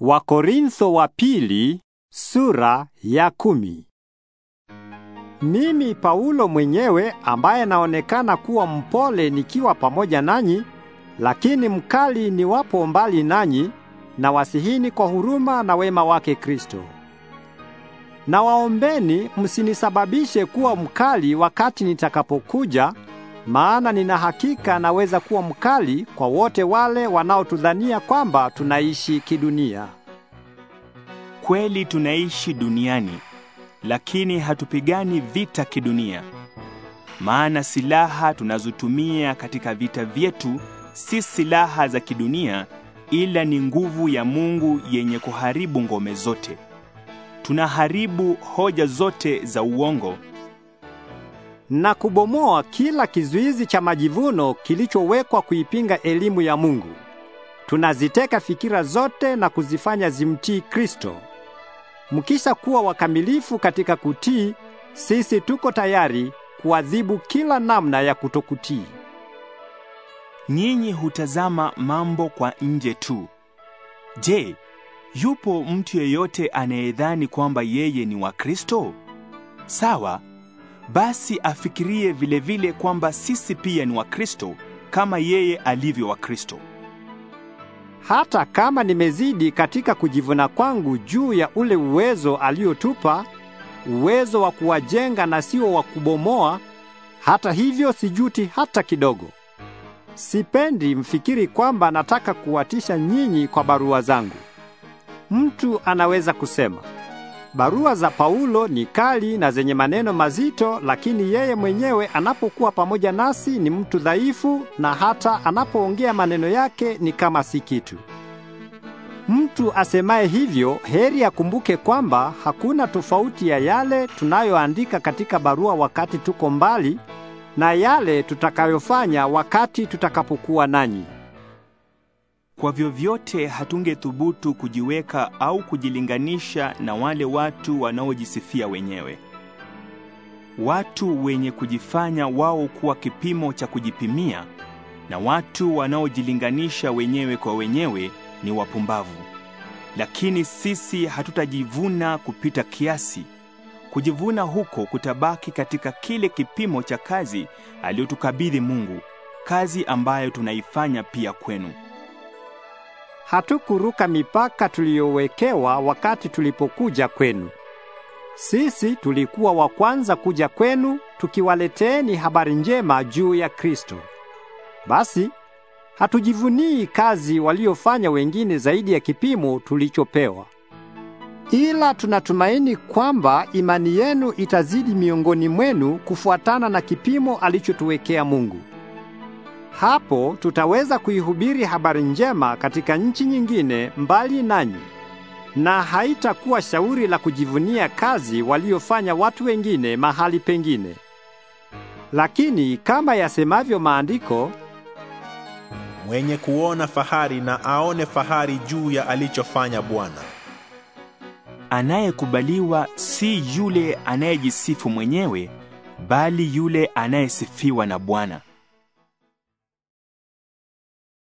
Wakorintho wa pili sura ya kumi. Mimi Paulo mwenyewe ambaye naonekana kuwa mpole nikiwa pamoja nanyi, lakini mkali niwapo mbali nanyi, na wasihini kwa huruma na wema wake Kristo. Na waombeni msinisababishe kuwa mkali wakati nitakapokuja, maana nina hakika naweza kuwa mkali kwa wote wale wanaotudhania kwamba tunaishi kidunia. Kweli tunaishi duniani, lakini hatupigani vita kidunia. Maana silaha tunazotumia katika vita vyetu si silaha za kidunia, ila ni nguvu ya Mungu yenye kuharibu ngome zote. Tunaharibu hoja zote za uongo na kubomoa kila kizuizi cha majivuno kilichowekwa kuipinga elimu ya Mungu. Tunaziteka fikira zote na kuzifanya zimtii Kristo. Mkisha kuwa wakamilifu katika kutii, sisi tuko tayari kuadhibu kila namna ya kutokutii. Nyinyi hutazama mambo kwa nje tu. Je, yupo mtu yeyote anayedhani kwamba yeye ni wa Kristo? Sawa basi afikirie vilevile kwamba sisi pia ni Wakristo kama yeye alivyo Wakristo. Hata kama nimezidi katika kujivuna kwangu juu ya ule uwezo aliotupa, uwezo wa kuwajenga na sio wa kubomoa, hata hivyo sijuti hata kidogo. Sipendi mfikiri kwamba nataka kuwatisha nyinyi kwa barua zangu. Mtu anaweza kusema Barua za Paulo ni kali na zenye maneno mazito, lakini yeye mwenyewe anapokuwa pamoja nasi ni mtu dhaifu, na hata anapoongea maneno yake ni kama si kitu. Mtu asemaye hivyo heri akumbuke kwamba hakuna tofauti ya yale tunayoandika katika barua wakati tuko mbali na yale tutakayofanya wakati tutakapokuwa nanyi. Kwa vyovyote hatungethubutu kujiweka au kujilinganisha na wale watu wanaojisifia wenyewe. Watu wenye kujifanya wao kuwa kipimo cha kujipimia na watu wanaojilinganisha wenyewe kwa wenyewe ni wapumbavu. Lakini sisi hatutajivuna kupita kiasi. Kujivuna huko kutabaki katika kile kipimo cha kazi aliyotukabidhi Mungu, kazi ambayo tunaifanya pia kwenu hatukuruka mipaka tuliyowekewa wakati tulipokuja kwenu. Sisi tulikuwa wa kwanza kuja kwenu tukiwaleteeni habari njema juu ya Kristo. Basi hatujivunii kazi waliofanya wengine zaidi ya kipimo tulichopewa. Ila tunatumaini kwamba imani yenu itazidi miongoni mwenu kufuatana na kipimo alichotuwekea Mungu. Hapo tutaweza kuihubiri habari njema katika nchi nyingine mbali nanyi, na haitakuwa shauri la kujivunia kazi waliofanya watu wengine mahali pengine. Lakini kama yasemavyo maandiko, mwenye kuona fahari na aone fahari juu ya alichofanya Bwana. Anayekubaliwa si yule anayejisifu mwenyewe, bali yule anayesifiwa na Bwana.